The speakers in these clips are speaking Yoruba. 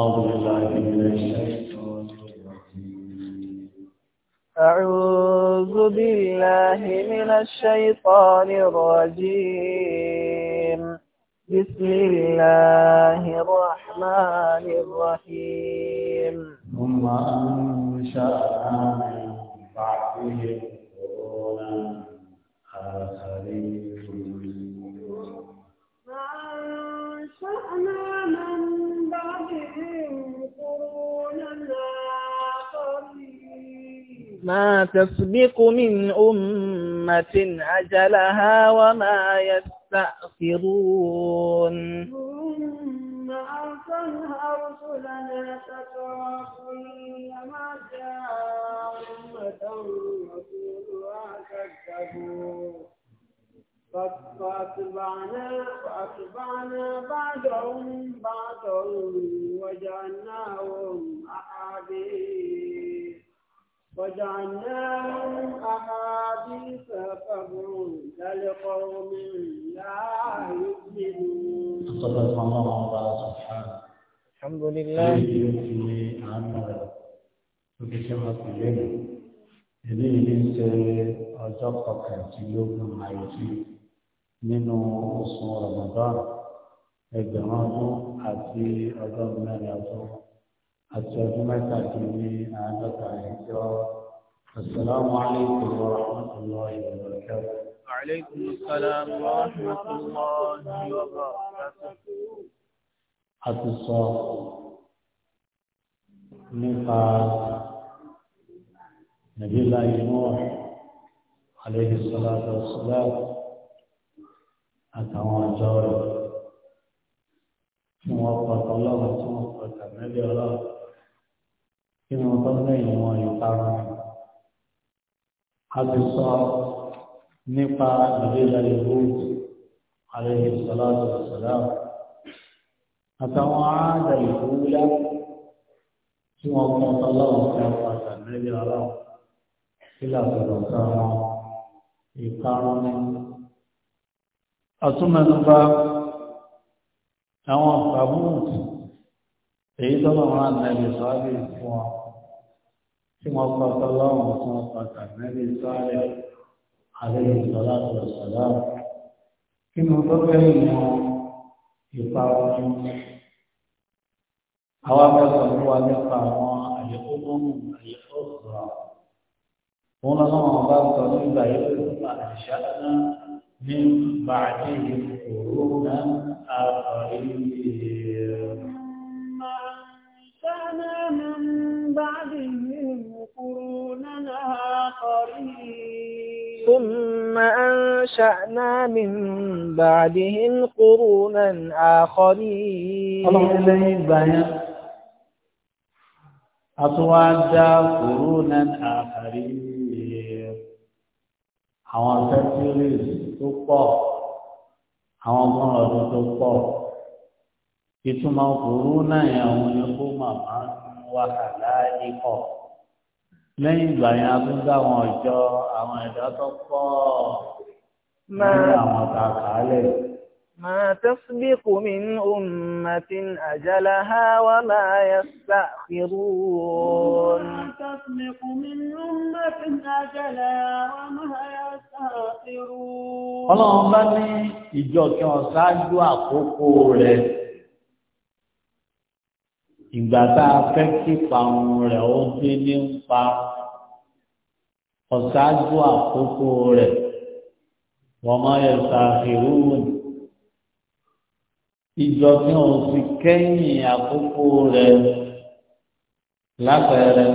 أعوذ بالله من الشيطان الرجيم بسم الله الرحمن الرحيم ثم أنشأنا من بعدهم قرونا ما تسبق من أمة أجلها وما يستأخرون ثم أرسلنا رسلنا تترى كلما جاء أمة رسولها كذبوا فأتبعنا فأتبعنا بعضهم بعضا وجعلناهم أحاديث وجعلناهم أحاديث فهم كالقوم لا يؤمنون. صدق الله سبحانه. الحمد لله. eléyìí ń ṣe ọjọ́ kọkàndínlógún àìsí nínú oṣù Ramadan ẹgbẹ̀rún ọdún àti ọgọ́rùn-ún mẹ́rin ọdún السلام عليكم ورحمة الله وبركاته وعليكم السلام ورحمة الله وبركاته أتصى نقا نبي الله نوح عليه الصلاة والسلام أتوا جاره موفق الله وموفق النبي الله nínú tọ́jú ìwọ̀n ìparun a ti sọ nípa ìdílé ìwúrú àlejò sọláàtò sọláàtò àtàwọn àádà ìwúlá tí wọ́n mú ọlọ́run fẹ́ pàtàkì lẹ́yìn ọlọ́run sílẹ̀ àtọ̀dọ̀ sáwọn ìparun ní. àtúmẹ̀nubá àwọn àbúrò èyí tó lọ́wọ́ àná ìsọ́lẹ̀ fún ọ tí wọ́n kọ́ tọ́lọ́run tí wọ́n kọ́ tàbí sọ́ọ́lẹ̀ àlejò sọ́lá tó sọ́lá. kí ni wọ́n fẹ́ mọ ipa wọn? àwa fẹ́ sọ fún nípa àwọn àyẹ̀kọ́ mọ́mù àyẹ̀kọ́ sọ̀rọ̀. wọn lọ sọ́wọ́n bá sọ nígbà yóò fún àṣà náà ní bàjẹ́ ìkòrónà àbọ̀rẹ́ ìlú. قروننا قريب ثم أنشأنا من بعدهم قرونا آخرين اللهم لين بيان أتوادى قرونا آخرين àwọn centuries tó pọ̀ àwọn ọgbọ̀n ọdún tó pọ̀ ìtumọ̀ kòrónà yẹn àwọn ẹ̀kọ́ màmá ń wà láàyè kọ̀ọ̀. lẹ́yìn ìgbà yẹn a tún dá ọjọ́ àwọn ẹ̀dá tó pọ̀ nínú àwọn tá a kà á lẹ̀. ما تسبق من أمة أجلها وما يستأخرون ما تسبق من أمة أجلها وما يستأخرون ọlọ́run bá ní ìjọ kí wọ́n ṣáájú àkókò rẹ̀ ìgbà tá a fẹ́ kí ìparun rẹ̀ ó dé ní ń pa ọ̀ṣáájú àkókò rẹ̀ wọ́n máa yẹ ṣàfihàn ìjọ tí wọn fi kẹ́yìn àkókò rẹ̀ lápẹẹrẹ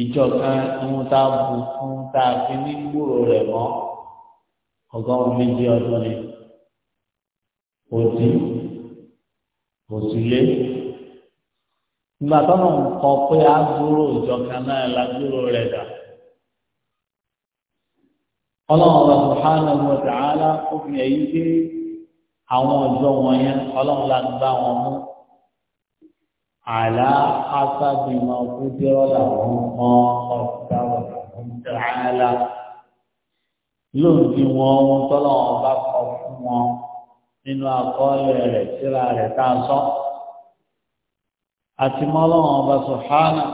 ìjọ kan ohun tá a bù fún tá a fi ní gbòòrò rẹ̀ mọ́ ọgọ́rùn méjì ọdún ni òdì òsìlé ìgbà tọ́nà ń kọ pé a gbúrò ìjọka náà la gbúrò rẹ̀ dà. ọlọ́run ọba subhanahu wa ta'ala ó fi èyí pé àwọn ọjọ́ wọ̀nyẹn ọlọ́run la gbá wọn mú. àlá asábì máa kú dẹ́rọ́ làwọn mọ ọ̀gá ọ̀gá ta'ala. lóòótì wọn ohun tọ́lọ́run ọba kọ fún wọn nínú àkọọ́lẹ̀ rẹ̀ síra rẹ̀ tá a sọ àti mọ́lọ́wọ́n ọba sọ̀hánà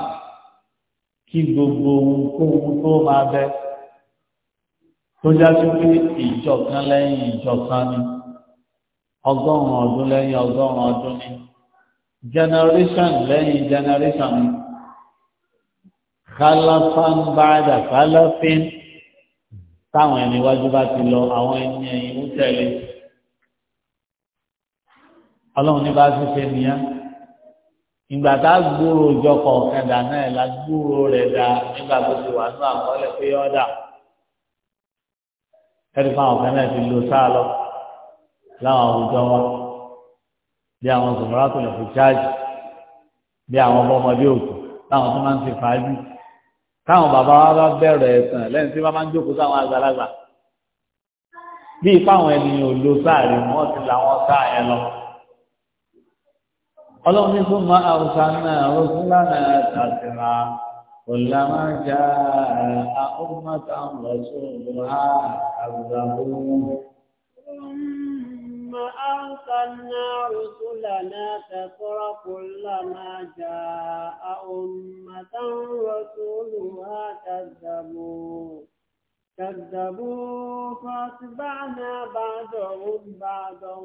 kí gbogbo ohunkóhun tó máa bẹ tó jáde pé ìjọkan lẹ́yìn ìjọkan ni ọgọ́rùn-ún ọdún lẹ́yìn ọgọ́rùn-ún ọdún ni generation lẹ́yìn generation ni kálọ́fán báyà kálọ́fín táwọn ẹni iwájú bá ti lọ àwọn ẹni ẹ̀yìn ń tẹ̀lé ọlọ́run ní bá ti ṣe nìyẹn ìgbà tá a gbúrò ìjọ kọ̀ọ̀kan dà náà la gbúrò rẹ̀ dà nígbà tó ti wà nínú àkọọ́lẹ̀ pé ọ̀dà ẹ̀rí fún àwọn kan náà ti lo sáà lọ láwọn àwùjọ wọn bí àwọn zòmọ́rà tó lè fi jáàjì bí àwọn ọmọ ọmọdé òkú táwọn tó máa ń ti fàájì táwọn bàbá wa bá bẹ̀rẹ̀ ẹ̀sán lẹ́yìn tí wọ́n máa ń jókòó sáwọn àgbàlagbà bí ìfáwọn ènìyàn ò lo sáà rí wọ́n ti làwọn sáà yẹn lọ ọlọ́run ní fún máa àwùsàn náà rọ́sùn lánàá tàṣírà kòlámà já àkọ́mọ́tà rọ́sùn lọ́hà àgbàgbọ́n. ثم أرسلنا رسلنا تترى كلما جاء أمة رسولها كذبوا كذبوا فاتبعنا بعضهم بعضا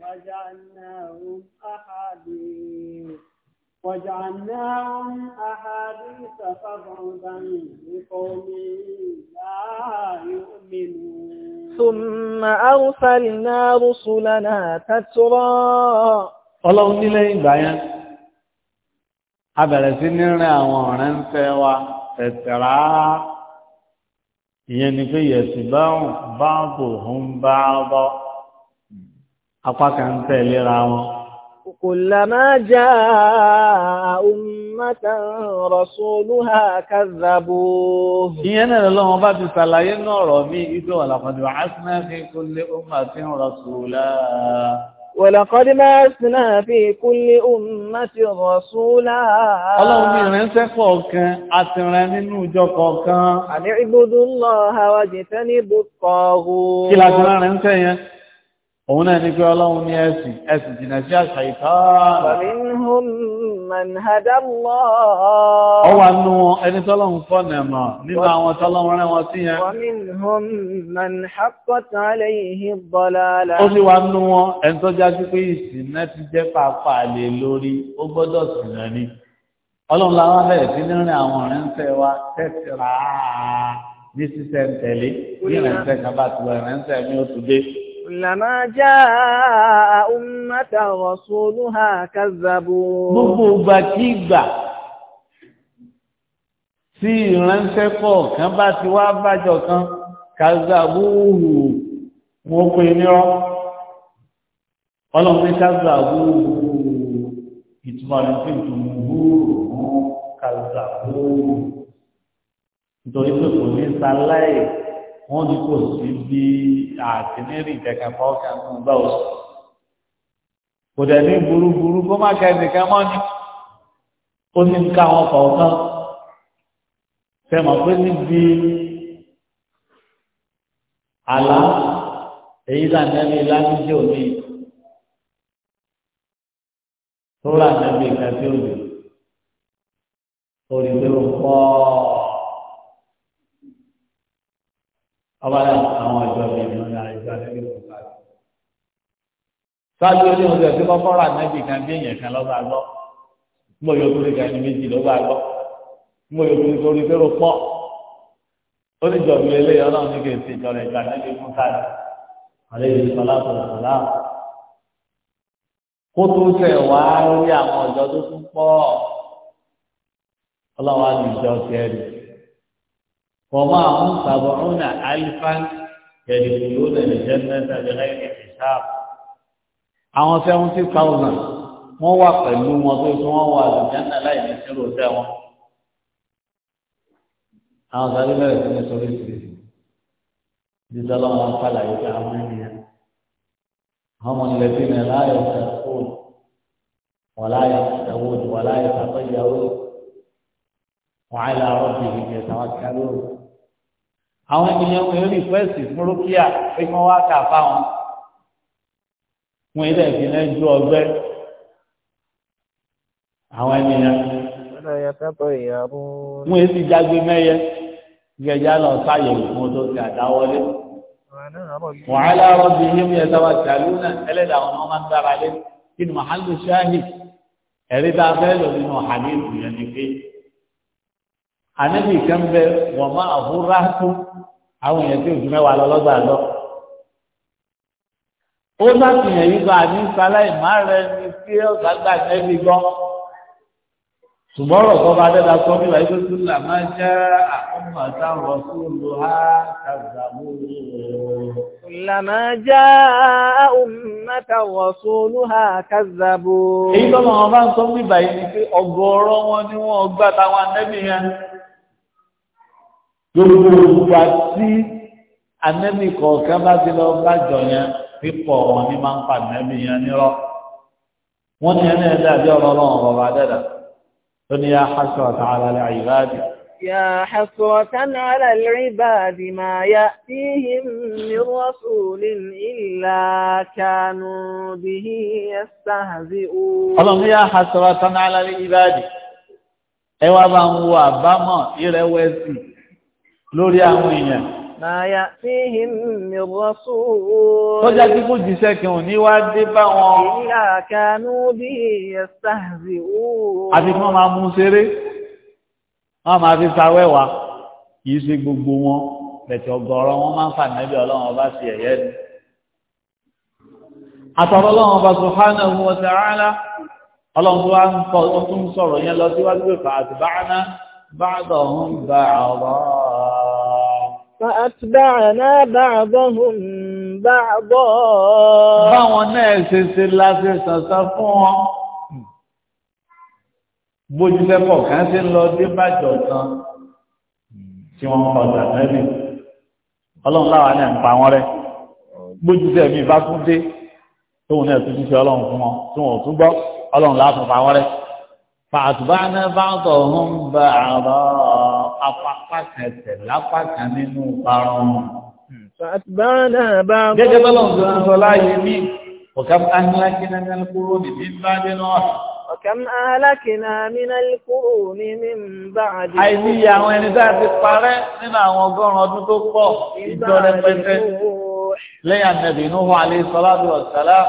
وجعلناهم أحاديث وجعلناهم أحاديث فبعدا لقوم لا يؤمنون ثم أرسلنا رسلنا تترى Ọlọ́run nílé ìgbà yẹn, a bẹ̀rẹ̀ sí ní rìn àwọn ọ̀rẹ́ ń fẹ́ wa, tẹ̀tẹ̀rá ìyẹn ni pé yẹ̀sì bá ń báàbò ń bá bọ́ apákan ń tẹ̀léra wọn. كلما جاء أمة رسولها كذبوه ìyẹn Ọlọ́run bá ti ṣàlàyé nínú ọ̀rọ̀ mi ìgbé ولقد بعثنا في كل أمة رسولا ولقد بعثنا في كل أمة رسولا Ọlọ́run ní ìrìnṣẹ́ kọ̀ọ̀kan àti ìrìn nínú ìjọ kọ̀ọ̀kan. Àní ìbúdó lọ́ha wájì tẹ́ ní bùkọ̀ọ̀hù. Kí láti rán ìrìnṣẹ́ yẹn? òun náà ní pé ọlọ́run ní ẹ̀sìn ẹ̀sìn jìnà sí àṣà ìtàn. ومنهم من هدى الله. ọwà nù ẹni tọ́lọ́run fọ́nà mọ̀ ومنهم من حقت عليه الضلالة. ó sì wà nù wọn ẹni tó já sí pé ìsìn náà ti jẹ́ pàápàá lé lórí ó gbọ́dọ̀ sìn náà ni. ọlọ́run làwọn bẹ̀rẹ̀ sí ní àwọn ọ̀rẹ́ ń fẹ́ wa tẹ̀síra ní sísẹ̀ ń tẹ̀lé ní ìrẹ̀ǹsẹ̀ kan bá ti wọ ìrẹ̀ǹsẹ̀ mi ó ti dé. Lama jaa ummata rasuluha kazzabu. Gbogbo ìgbà tí ìgbà tí ìránṣẹ́ kọ̀ọ̀kan bá ti wá bájọ kan, kazzabu hù wọ́n pè ní ọ́. Ọlọ́run ní kazzabu ìtumọ̀ rẹ̀ pé ìtumọ̀ hù kazzabu hù. Nítorí pé kò ní sáláì wọ́n ní kò sí bí àtìlẹ́rìn kẹ̀kẹ́ fọ́ọ̀kẹ́ fún ọgbà oṣù kò dẹ̀ ní burúburú kó má kẹ́ nìkan mọ́ ni ó ní ká wọn kọ̀ọ̀kan fẹ́mọ̀ pé níbi àlá èyí lànàbí lánìjẹ́ òní tó lànàbí kàtí òní orí pé ó kọ́ ọ́. ọba àwọn ọjọ́ bíi ìlú ní àìjọ àdébí kò sáré. sáájú ní oṣù tí kọ́kọ́ rà nẹ́bì kan bí èèyàn kan lọ́ba gbọ́ gbọ́ yóò kúrò kan ní méjì lọ́ba gbọ́ gbọ́ yóò kúrò torí pé ó ó ní jọ̀bù eléyìí ọlọ́run ní kèsì ìjọ rẹ̀ ìjọ àdébí kò sáré àlẹ́ yìí sọlá sọlá sọlá kó tó tẹ̀ wá lórí àwọn ọjọ́ tó tún pọ̀ ọlọ́run á ní ìjọ tiẹ̀ nìyí. ومعهم سبعون ألفا يدخلون الجنة بغير حساب àwọn seventy thousand wọ́n wà pẹ̀lú wọn tó tún wọ́n wà lùjánà láì ní sírò tẹ́ wọn. àwọn sáré bẹ̀rẹ̀ sí ní sórí ìsìrì dídá lọ́wọ́ wọn pàlàyé pé àwọn ènìyàn àwọn ilẹ̀ tí ní láyọ̀ sẹ́kùn wọ́n láyọ̀ sẹ́wọ́n wọ́n láyọ̀ sàkóyàwó wọ́n á lọ àwọn bìbí kẹta wọn kẹ́lóòrò àwọn ènìyàn wọn rí fẹ́ẹ̀sì fún rókíà pé kí wọ́n wá kà fáwọn wọn ilẹ̀ ìpínlẹ̀ ju ọgbẹ́ àwọn ènìyàn wọn èsì jágbe mẹ́yẹ gẹ̀ẹ́jà lọ sáyẹ̀wò fún tó ti àdáwọlé wàhálà rọ́bì yìí mi ẹ̀sà wà tàlú náà ẹlẹ́dàá àwọn ọmọ máa ń dára lé kí ni màhálù ṣáàhì ẹ̀rí tá a fẹ́ lò nínú hàmíìlì yẹn ni pé ànábì kan bẹ wọ́n máa àhúrá tó àwọn èèyàn tí ojú mẹ́wàá lọ lọ́gbà lọ. ó láti yàn yí gba àní sáláì má rẹ ní kí ọ̀gá gbà nẹ́bí gbọ́. ṣùgbọ́n ọ̀rọ̀ kan bá dẹ́ta sọ nígbà yìí tó tún là máa jẹ́ àkọ́mọ̀ táwọn ọ̀ṣunlu ha kàzàmú. Làmà já ummata rasuluha Èyí tó máa bá ń sọ nígbà yìí ni pé ọ̀gọ̀ọ̀rọ̀ wọn ni wọ́n gbà táwọn anẹ́bí yẹn gbogbo ìgbà tí anẹ́bì kọ̀ọ̀kan bá ti lọ bá jọ yẹn pípọ̀ wọn ní máa ń pa anẹ́bì yẹn nírọ́ wọ́n ní ẹni ẹ̀dá àbí ọ̀rọ̀ ọlọ́run ọba dẹ́dà tó ní yá hasratan ala al-ibadi. ya hasratan ala al-ibadi ma ya'tihim min rasulin illa kanu bihi yastahzi'un. ọlọ́run ya hasratan ala al-ibadi ẹ wá bá ń wo àbámọ̀ ìrẹ̀wẹ̀sì lórí àwọn èèyàn. Màyà sí ìmì rọ́sù ooo. Tó jẹ́ kí kò jíṣẹ́ kí wọ́n ní wá dé bá wọn. Ìyá kanú bí ẹ̀sáàzì ooo. Àti fún ọmọ amú ṣeré, wọ́n máa fi sawẹ́wà, kìí ṣe gbogbo wọn, bẹ̀tẹ̀ ọgọ́rọ̀ wọn máa ń fà nẹ́bí ọlọ́run ọba sí ẹ̀yẹ́ ni. Àtọ̀rọ̀ ọlọ́run ọba subhanahu wa ta'ala, ọlọ́run tó wá ń sọ̀rọ̀ yẹn lọ síwájú ìfà àtìbáná, ba'dahum ba'dha. Fa'atba'na ba'dahum ba'da. Báwọn náà ṣe ṣe láti sàṣà fún wọn. Bójúfẹ́ kọ̀ọ̀kan ṣe ń lọ dé bàjọ́ tán tí wọ́n pa ọ̀dà lẹ́bí. Ọlọ́run láwa náà ń pa wọ́n rẹ́. Bójúfẹ́ mi bá tún dé tóun náà tún jíṣẹ́ ọlọ́run fún wọn tí wọn tún gbọ́ ọlọ́run láàfin pa wọ́n rẹ́. Fa'atba'na ba'dahum ba'da apapá kan ẹsẹ̀ lápá kan nínú parun. Hmm. gẹ́gẹ́ bá lọ́n tó ń sọ láàyè mí ọ̀kàm ahlakina min al-quruni min ba'di Nuh. ọ̀kàm ahlakina min al-quruni min ba'di. àìníyà àwọn ẹni tá a ti parẹ́ nínú àwọn ọgọ́rùn-ún ọdún tó pọ̀ ìjọ rẹpẹtẹ lẹ́yìn ànàbì Nuhu alayhi salatu wa salam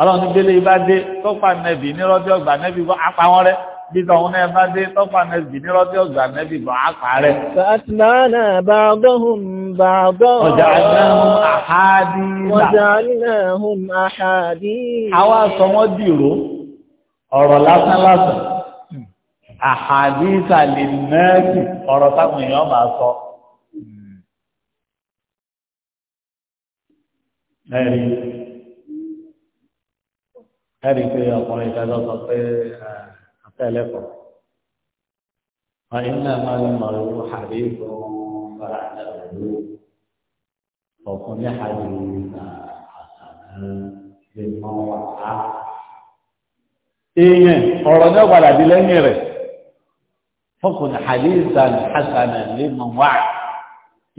ọlọ́run gbélé ibà dé tó pa ànàbì nírọ́bí ọgbà ànàbì àpá wọn rẹ̀ bíbá òun náà bá dé tọ́pà náà jì ní rọ́bí ọ̀gbà nẹ́bí bọ̀ á parẹ́. Fàtìmáànà bàbáhùn bàbáhùn. Ọjà àdáhùn àhádìílà. Ọjà àdáhùn àhádìílà. Àwa sọ wọ́n dìrò ọ̀rọ̀ lásán lásán. Àhádìílà lè mẹ́ẹ̀kì ọ̀rọ̀ táwọn èèyàn máa sọ. Ẹ̀rí ẹ̀rí pé ọkùnrin ìdájọ́ sọ pé tẹ́lẹ̀kọ̀. Ọ̀yìn náà máa ń mọ̀rọ̀ owó àbí ìfowópamọ́ bára àjà òwú. ọ̀rọ̀ náà padà di lẹ́yìn rẹ̀. Fọkùnrin Hadisan Hassan lè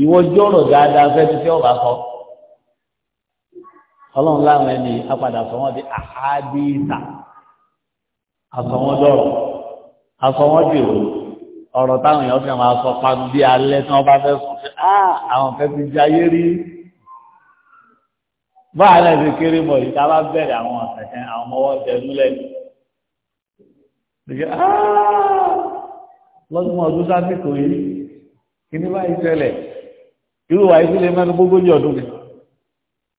Ìwọ dáadáa fẹ́ ti fẹ́ Ọlọ́run láwọn ẹni apàdà sọ di àsọwọ́dọ̀rọ̀ àsọwọ́dìrò ọ̀rọ̀ táwọn èèyàn fi máa sọ panu bí alẹ́ tí wọ́n bá fẹ́ sùn sí ah, àwọn fẹ́ ti jayé rí báà náà ti kéré mọ̀ yìí tá a bá bẹ̀rẹ̀ àwọn ọ̀sẹ̀kẹ́ àwọn ọmọ ọwọ́ jẹ múlẹ̀ ah, lọ́dún ọdún sáfìkò yìí kí ní báyìí ṣẹlẹ̀ irú wa ìdílé mẹ́nu gbogbo ọdún nìkan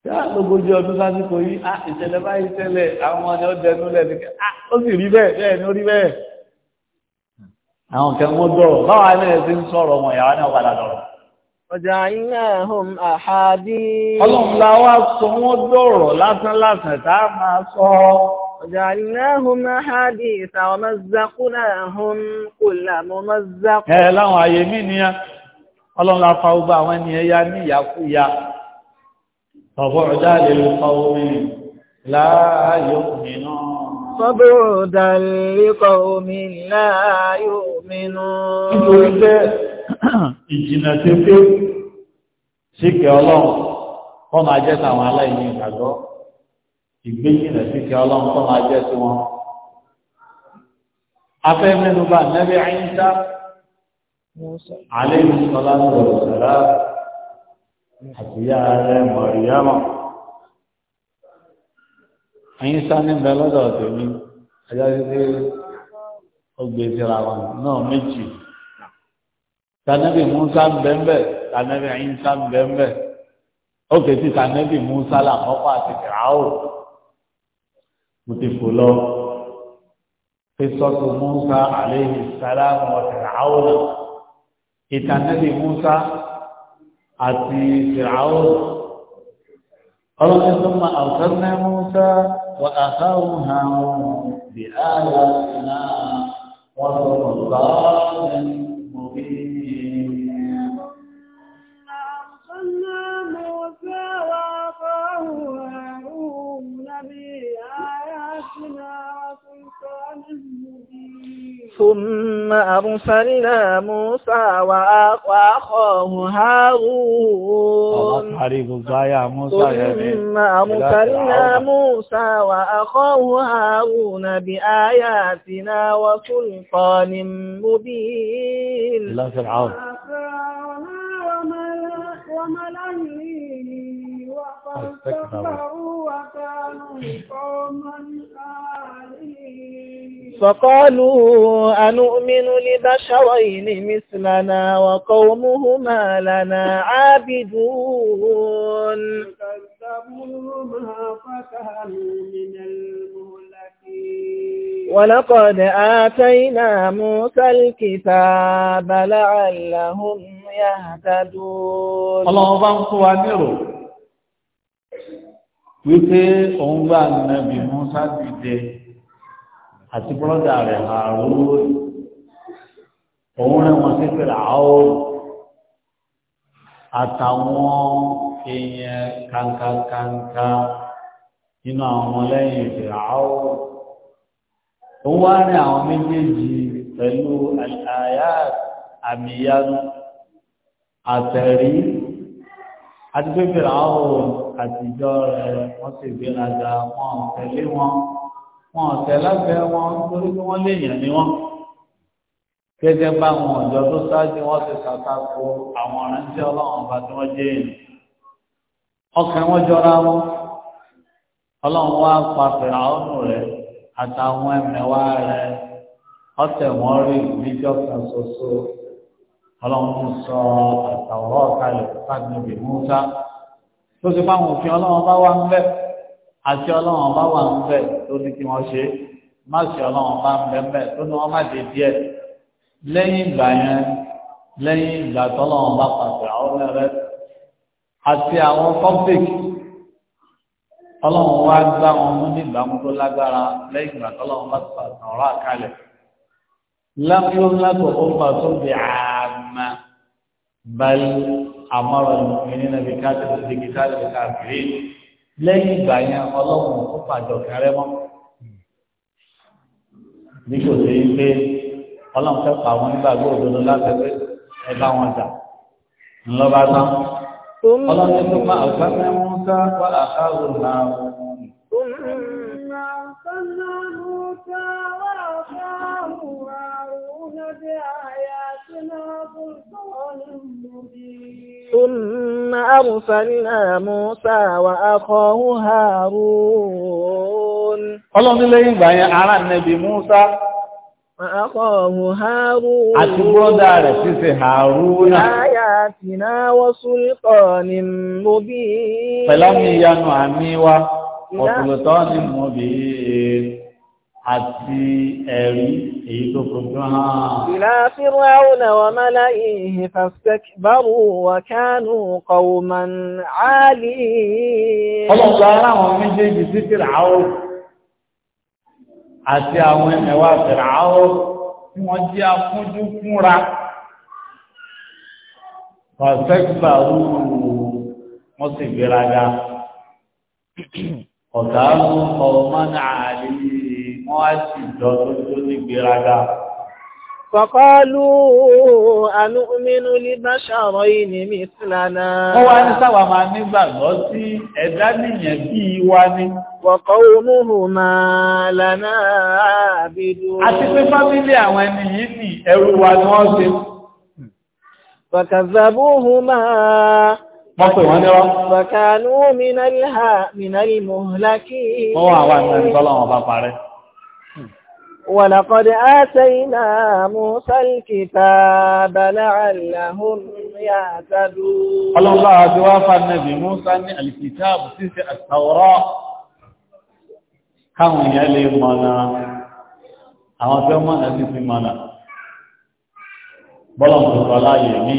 yá lógójì ọdún lásìkò yìí á ah, ìṣẹ̀lẹ̀ báyìí ṣẹlẹ̀ àwọn ọ̀nà ọdẹ nílẹ̀ nìkan ah, á ó sì rí bẹ́ẹ̀ bẹ́ẹ̀ ni ó rí bẹ́ẹ̀. àwọn kan wọ́n dọ̀rọ̀ báwa náà ti ń sọ̀rọ̀ wọn ìyàwó náà padà dọ̀rọ̀. ọjà iná hom àhàdí. ọlọ́run la wá sọ wọ́n dọ̀rọ̀ lásán lásán tá a máa sọ. ọjà iná hom àhàdí ìsàwọn mọ́zákúnà hom kò فبعدا للقوم لا يؤمنون فبعدا لقوم لا يؤمنون nítorí pé ìjìnà tí ó pé síkẹ ọlọ́run kọ́ máa jẹ́ tàwọn aláìní ìgbàgbọ́ ìgbéjìnà síkẹ ọlọ́run kọ́ máa jẹ́ sí wọn afẹ́ mẹ́nubà nẹ́bí àyíká àlẹ́ ìṣọ́lá ń lọ sẹ́lá àti ìyá rẹ̀ mọ̀ríyámọ̀ ẹ̀yìn sáni bẹ lọ́dọ̀ tèmi ẹjọ́ títí ọgbẹ́ ìsira wọn náà méjì tànẹ́bì musa ń bẹ́ńbẹ́ tànẹ́bì ẹ̀yìn sá ń bẹ́ńbẹ́ ó kẹ́tì tànẹ́bì musa làkọ́kọ́ àti fìràwọ̀ mo ti fò lọ qisatu musa alayhi salam wa fìràwọ̀ ìtànẹ́bì musa àti fìràwò ọlọ́run tó máa àwùsọ́nà mọ́sá wà àtàwọn àwọn bí ààrẹ náà wọ́n tó mọ̀ lọ́rùn ثم أرسلنا موسى وأخاه هارون ثم أرسلنا موسى وأخاه هارون بآياتنا وسلطان مبين إلى فرعون واستكبروا وكانوا قوما عالين فقالوا أنؤمن لبشرين مثلنا وقومهما لنا عابدون ولقد آتينا موسى الكتاب لعلهم يهتدون الله أبانك وانيرو wípé òun bá nàbì mọ́sá dìde àti bọ́lọ́dà rẹ̀ àrùn òun rẹ̀ wọ́n sí pẹ̀lú àwọn àtàwọn èèyàn kankankanka nínú àwọn ọmọlẹ́yìn ìfẹ̀ àwọn òun wá rìn àwọn méjèèjì pẹ̀lú àyà àmìyanu àtẹ̀rí àti pé pẹ̀lú àwọn àtijọ́ rẹ̀ wọ́n sì gbéraga wọn tẹ̀lé wọn wọn ọ̀tẹ̀ lábẹ́ wọn torí pé wọ́n léèyàn ni wọ́n gẹ́gẹ́ bá àwọn ọ̀jọ́ tó ṣáájú wọ́n ti ṣàtakò àwọn ọ̀rẹ́ńtẹ́ ọlọ́run ọba tí wọ́n jẹ́ èèyàn ọkàn wọn jọra wọn ọlọ́run wá pa fìràwọ́nù rẹ̀ àtàwọn ẹ̀mẹ̀wá rẹ̀ ọ̀tẹ̀ wọn rí níjọ́ kan ṣoṣo ọlọ́run sọ àtàwọn ọ̀kalẹ̀ fún àgbègbè mú tó ti bá àwọn òfin ọlọ́run bá wà ń bẹ́ẹ̀ àti ọlọ́run ọba wà ń bẹ̀ tó ní kí wọ́n ṣe má ṣe ọlọ́run ọba ń bẹ̀ ń bẹ̀ tó ní wọ́n má dé díẹ̀ lẹ́yìn ìgbà yẹn lẹ́yìn ìgbà tọ́lọ́run ọba pàṣẹ àwọn ẹ̀rẹ́ àti àwọn public ọlọ́run wá gbá wọn mú ní ìgbàmú tó lágbára lẹ́yìn ìgbà tọ́lọ́run bá pàṣẹ ọ̀rọ̀ àkálẹ̀ lápúlọ́n látọ̀ ó fà tó di àmà bal amara al-mu'minina bi kátìrì lẹ́yìn ìgbà yẹn ọlọ́run ó pàjọ kẹrẹ mọ́ bí kò sí pé ọlọ́run fẹ́ pa àwọn nígbàgbọ́ òdodo láti pé ẹ bá wọn jà ńlọ́ba tán ọlọ́run tó máa ọ̀gá mẹ́wọ́n ká wà á ká náà. ثم أرسلنا موسى وأخاه هارون ọlọ́run lẹ́yìn ìgbà yẹn ará nẹ́bí Musa Àkọ̀ọ̀hù Hárún. Àti bọ́dá rẹ̀ ti ṣe Hárún. Láyà tí náà wọ́n súnkọ̀ ní mobí. Pẹ̀lá mi ìyanu àmì wa, ọ̀pùlọ̀tọ́ ní mobí àti ẹ̀rí èyí tó fojú hàn. Ìlà Fíráúnà wa mọ́lá ìhì fastakbaru wa kánú qawman áàlì. Ọlọ́pàá aláwọn méjèèjì sí Fíráún àti àwọn ẹ̀wà Fíráún tí wọ́n jẹ́ afúnjú fúnra. Fastakbaru wọ́n sì gbéraga. Ọ̀gá ọmọ náà àlè wọ́n á sì jọ tó tó ní gbéraga. Fọ̀kọ́lù ànúmínú ní báṣàrọ̀ ìní mi sílànà. Wọ́n wá ní sáwà máa nígbàgbọ́ sí ẹ̀dá nìyẹn bí i wá ní. Wọ̀kọ́ omúhù máa lànà àbìdú. Àti pé fámílì àwọn ẹni yìí ní ẹrú wa ni wọ́n ṣe. Fọ̀kàzàbúhù máa. Wọ́n pè wọ́n nírọ́. Fọ̀kànú mìnàlì mọ̀hùlákì. Wọ́n wà wà ní ولقد آتينا موسى الكتاب لعلهم يهتدون الله توافى النبي موسى الكتاب سيسى التوراة كانوا يلي منا àwọn tí ó mọ́ ẹ̀sìn sí mọ́nà bọ́lọ̀mù tó láyé ní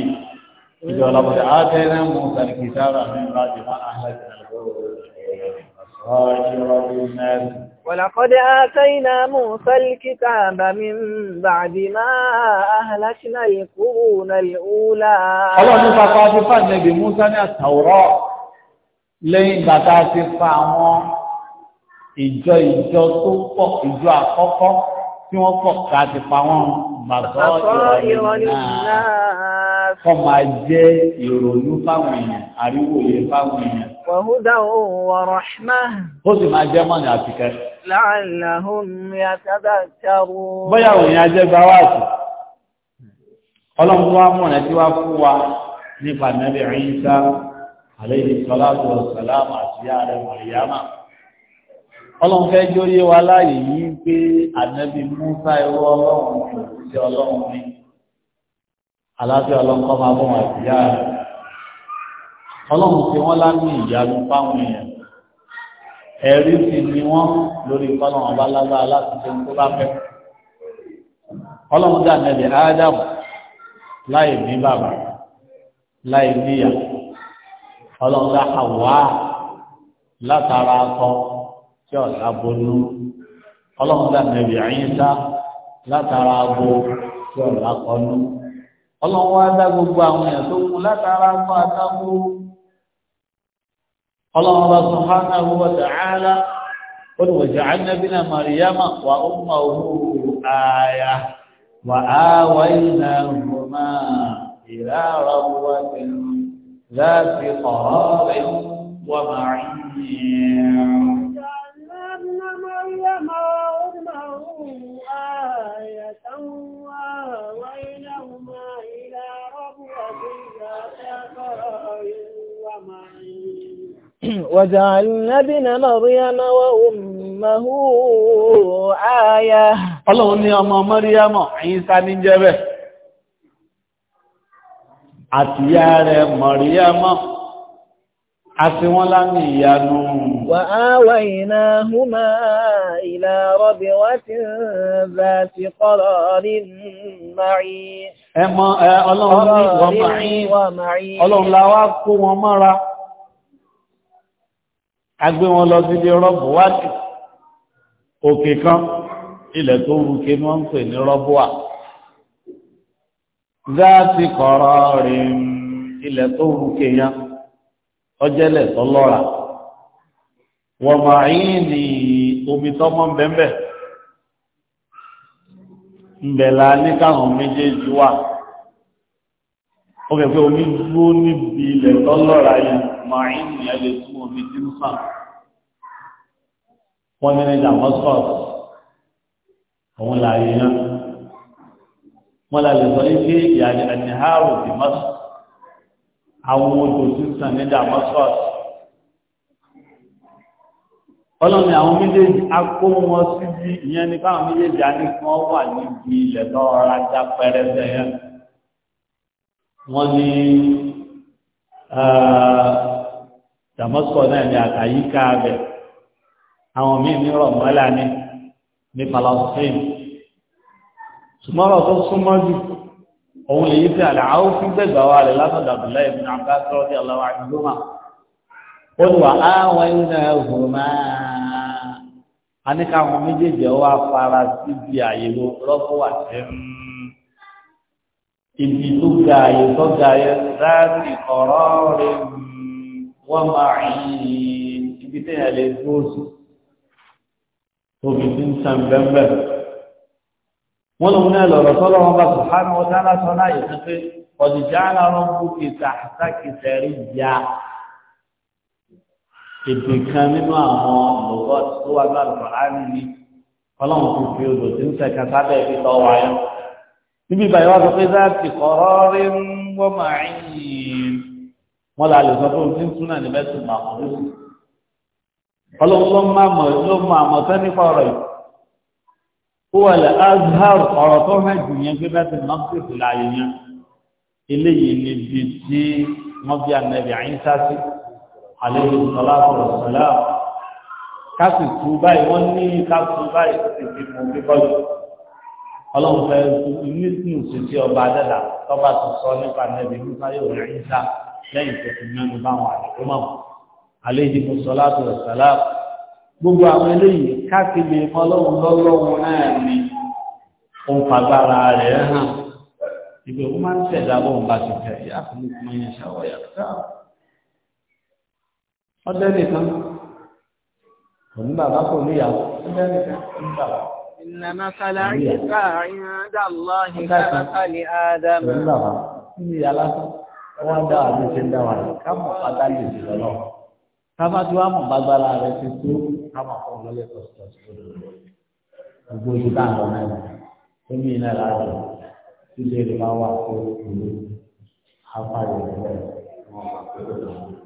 ìjọ ọlọ́pàá àtẹ́rẹ́ mú sàrìkì sára ní ìrájì máa àhàjì àgbò ọ̀rọ̀ ìrọ̀lẹ́ ولقد آتينا موسى الكتاب من بعد ما أهلكنا القرون الأولى الله نفع قاطفة النبي موسى التوراة لين bàtà ti fa àwọn ìjọ ìjọ tó pọ̀ ìjọ àkọ́kọ́ tí wọ́n pọ̀ ká ti fa wọn bàtọ́ ìrọ̀lẹ́ náà kọ́ máa jẹ́ ìrònú fáwọn èèyàn àríwò lè fáwọn èèyàn. Wàhúdá òun wà rọ̀ṣmá. Ó sì máa jẹ́ mọ́nà àtìkẹ́. Láàláhùn ni a tàbí àtàrò. Bọ́yà òun yà jẹ́ gbáwàtì. Ọlọ́run wá mọ̀nà tí wá fún wa nípa Nàbí pé Ànábì Músá ẹwọ́ Ọlọ́run kò sí Ọlọ́run ní aláfẹ́ ọlọ́kọ́ máa bọ́ wọn ìyá rẹ̀ ọlọ́run tí wọ́n lámì ìyanu fáwọn èèyàn ẹ̀rí sì ni wọ́n lórí kọ́lọ́run bá lágbára láti ṣe tó bá fẹ́ ọlọ́run dà nẹ́bẹ̀ ádámù láì ní bàbá láì níyà ọlọ́run dá àwọ̀ látara akọ tí ọ̀sà bonú ọlọ́run dà nẹ́bẹ̀ àyíṣá látara abo tí ọ̀sà kọ́nú ọlọ́run wá dá gbogbo àwọn èèyàn tó kù látara ń bá àtàkù ọlọ́run bá subhanahu wa ta'ala ó ní wa ja'alna bina Maryama wa ummuhu àyà wà á wáyé náà gbọ́mà ìlà ara wa láti ọ̀rọ̀ rẹ̀ wọ́n máa ń yẹn. وجعلنا ابن مريم وأمه آية Ọlọ́run ní ọmọ Mọ́ríyámà Ìsá ní jẹ́bẹ̀. Àtìyá rẹ̀ Mọ̀ríyámà, a ti wọ́n lámì ìyanu. Wà áwà iná húmà ìlà rọ̀bì wá ti rẹ̀ ti kọ́rọ̀ rí mari. Ẹmọ Ọlọ́run láwá kó wọn mọ́ra agbé wọn lọ sí ilé rọ́bù wájú òkè kan ilẹ̀ tó wúke ni wọ́n ń pè ní rọ́bù wà gáàsì kọ̀ọ̀rọ̀ rìn ilẹ̀ tó wúke yẹn ọjẹ́lẹ̀ tọ́lọ́ra wọ́n máa yín ní omi tọ́mọ́ bẹ́ẹ̀ bẹ́ẹ̀ ń bẹ̀ la ní káwọn méjèèjì wà ó kẹ́ pé omi dúró níbi ilẹ̀ tọ́lọ́ra yìí máa ń yẹn lè fún omi tí ń sàn wọ́n ní ní damascus òun là yìí náà wọ́n là lè sọ wípé ìyàdí àníhàrò damascus àwọn odò tí ń sàn ní damascus ọlọ́ni àwọn méjèèjì akó wọn síbi ìyẹn ní káwọn méjèèjì á ní kí wọ́n wà níbi ilẹ̀ tọ́ra já pẹrẹsẹ yẹn wọ́n ní ah, Damascus náà ní àtàyíká abẹ àwọn míì ní rọmọlá ní ní Palestine ṣùgbọ́n ọ̀rọ̀ tó súnmọ́ jù òun lè yí sí àdáhàó fún gbẹ̀gbà wa rẹ̀ látọ̀dọ̀ Abdullahi ibn Abbas radiyallahu anhuma ó ní wà áwọn iná hùmá a ní káwọn méjèèjì ọwọ́ afárá síbi àyèwò rọ́pò àti ẹ̀mú ibi tó ga ayé tó ga ayé láti ọ̀rọ̀ rẹ̀ wọ́n máa yìn ibi tẹ́yà lè dúró sí tóbi tí ń san bẹ́ẹ̀ wọ́n lòun náà lọ̀rọ̀ sọ́lọ́ wọn bá subhanahu wa ta'ala sọ láàyè kan pé ọ̀dìjà aláwọ̀ kú kì tàhátà kì sẹ́rí ya èdè kan nínú àwọn lọ́wọ́ tó wà lọ́wọ́ àmì ọlọ́run kò fi odò tí ń sẹ̀ka sábẹ́ ìfitọ́ wáyé níbi ìbàyẹ̀ wá sọ pé záàtì kọ̀rọ̀ rí ń wọ́n máa ń yìn wọ́n là lè sọ pé òun ti ń tún náà ní mẹ́sìn máa mọ̀ lóṣù ọlọ́run ló máa mọ̀ ló máa mọ̀ sẹ́ni fọ̀rọ̀ yìí ó wà lẹ́ azhar ọ̀rọ̀ tó hàn jù yẹn pé mẹ́sìn máa ń pèsè láàyè yẹn eléyìí ni bí tí wọ́n bí anabi àyínsá sí àlejò sọlá sọ̀rọ̀ sọlá kásìtú báyìí wọ́n ní kásìtú báyìí ti fi ọlọ́run fẹ́ inú ìsìn òṣìṣẹ́ ọba dẹ́dà tọ́ba tó sọ nípa nẹ́bí nípa yóò rẹ̀ ń sá lẹ́yìn tó ti mẹ́nu báwọn àdìgbò mọ̀ àléjì mo sọ láti rẹ̀ sálá gbogbo àwọn eléyìí káàkiri ọlọ́run lọ́lọ́run náà ni òun fagbára rẹ̀ hàn ìgbè ó máa ń ṣẹ̀dá bóun bá ti fẹ́ yá fún mi kúmọ́ yẹn ṣàwọ̀yà ọdẹ nìkan kò bàbá kò إن مثل عيسى عند الله كمثل آدم wọ́n dá àbí ṣe ń dá wa rẹ̀ ká mọ̀ pátá lè jù lọ́nà ká má tí wàá mọ̀ gbàgbára rẹ̀ ti tó ká mọ̀ fún ọlọ́lẹ̀ tọ̀sítọ̀ sí ọdún gbogbo ojú tá à ń tó mí iná láàjọ